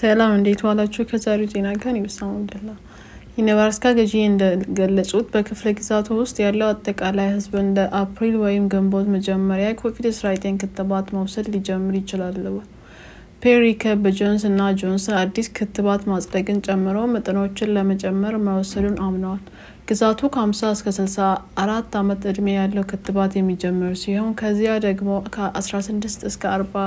ሰላም እንዴት ዋላችሁ? ከዛሬው ዜና ጋር ኢብሳም አብደላ። የነብራስካ ገዢ እንደገለጹት በክፍለ ግዛቱ ውስጥ ያለው አጠቃላይ ህዝብ እንደ አፕሪል ወይም ግንቦት መጀመሪያ ኮቪድ አስራ ክትባት መውሰድ ሊጀምር ይችላል። ፔሪ ከብ ጆንስ እና ጆንስ አዲስ ክትባት ማጽደቅን ጨምሮ መጠኖችን ለመጨመር መወሰዱን አምነዋል። ግዛቱ ከ50 እስከ 64 ዓመት ዕድሜ ያለው ክትባት የሚጀምር ሲሆን ከዚያ ደግሞ ከ16 እስከ 40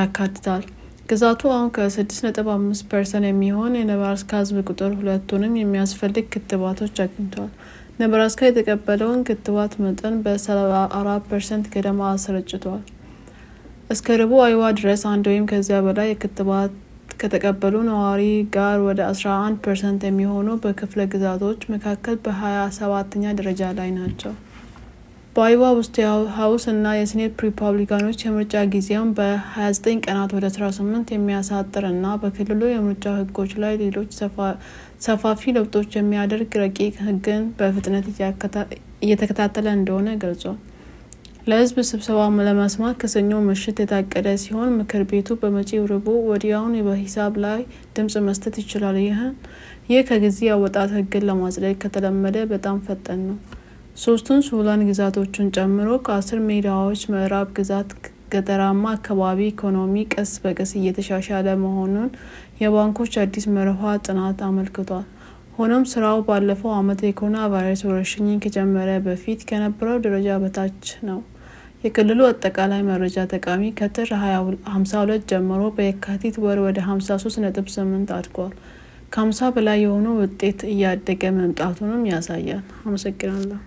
ያካትታል። ግዛቱ አሁን ከ6.5 ፐርሰንት የሚሆን የነብራስካ ህዝብ ቁጥር ሁለቱንም የሚያስፈልግ ክትባቶች አግኝተዋል። ነብራስካ የተቀበለውን ክትባት መጠን በ34 ፐርሰንት ገደማ አስረጭተዋል። እስከ ረቡዕ አይዋ ድረስ አንድ ወይም ከዚያ በላይ የክትባት ከተቀበሉ ነዋሪ ጋር ወደ 11 ፐርሰንት የሚሆኑ በክፍለ ግዛቶች መካከል በ27ኛ ደረጃ ላይ ናቸው። በአይዋ ውስጥ ሀውስ እና የሴኔት ሪፐብሊካኖች የምርጫ ጊዜውን በ29 ቀናት ወደ 18 የሚያሳጥር እና በክልሉ የምርጫ ህጎች ላይ ሌሎች ሰፋፊ ለውጦች የሚያደርግ ረቂቅ ህግን በፍጥነት እየተከታተለ እንደሆነ ገልጿል። ለህዝብ ስብሰባ ለመስማት ከሰኞ ምሽት የታቀደ ሲሆን ምክር ቤቱ በመጪው ረቡዕ ወዲያውን በሂሳብ ላይ ድምጽ መስጠት ይችላል። ይህ ከጊዜ አወጣት ህግን ለማጽደቅ ከተለመደ በጣም ፈጠን ነው። ሶስቱን ሱላን ግዛቶችን ጨምሮ ከአስር ሜዳዎች ምዕራብ ግዛት ገጠራማ አካባቢ ኢኮኖሚ ቀስ በቀስ እየተሻሻለ መሆኑን የባንኮች አዲስ መርሃ ጥናት አመልክቷል። ሆኖም ስራው ባለፈው ዓመት የኮሮና ቫይረስ ወረርሽኝን ከጀመረ በፊት ከነበረው ደረጃ በታች ነው። የክልሉ አጠቃላይ መረጃ ጠቃሚ ከጥር 52 ጀምሮ በየካቲት ወር ወደ 53.8 አድጓል። ከ50 በላይ የሆኑ ውጤት እያደገ መምጣቱንም ያሳያል። አመሰግናለሁ።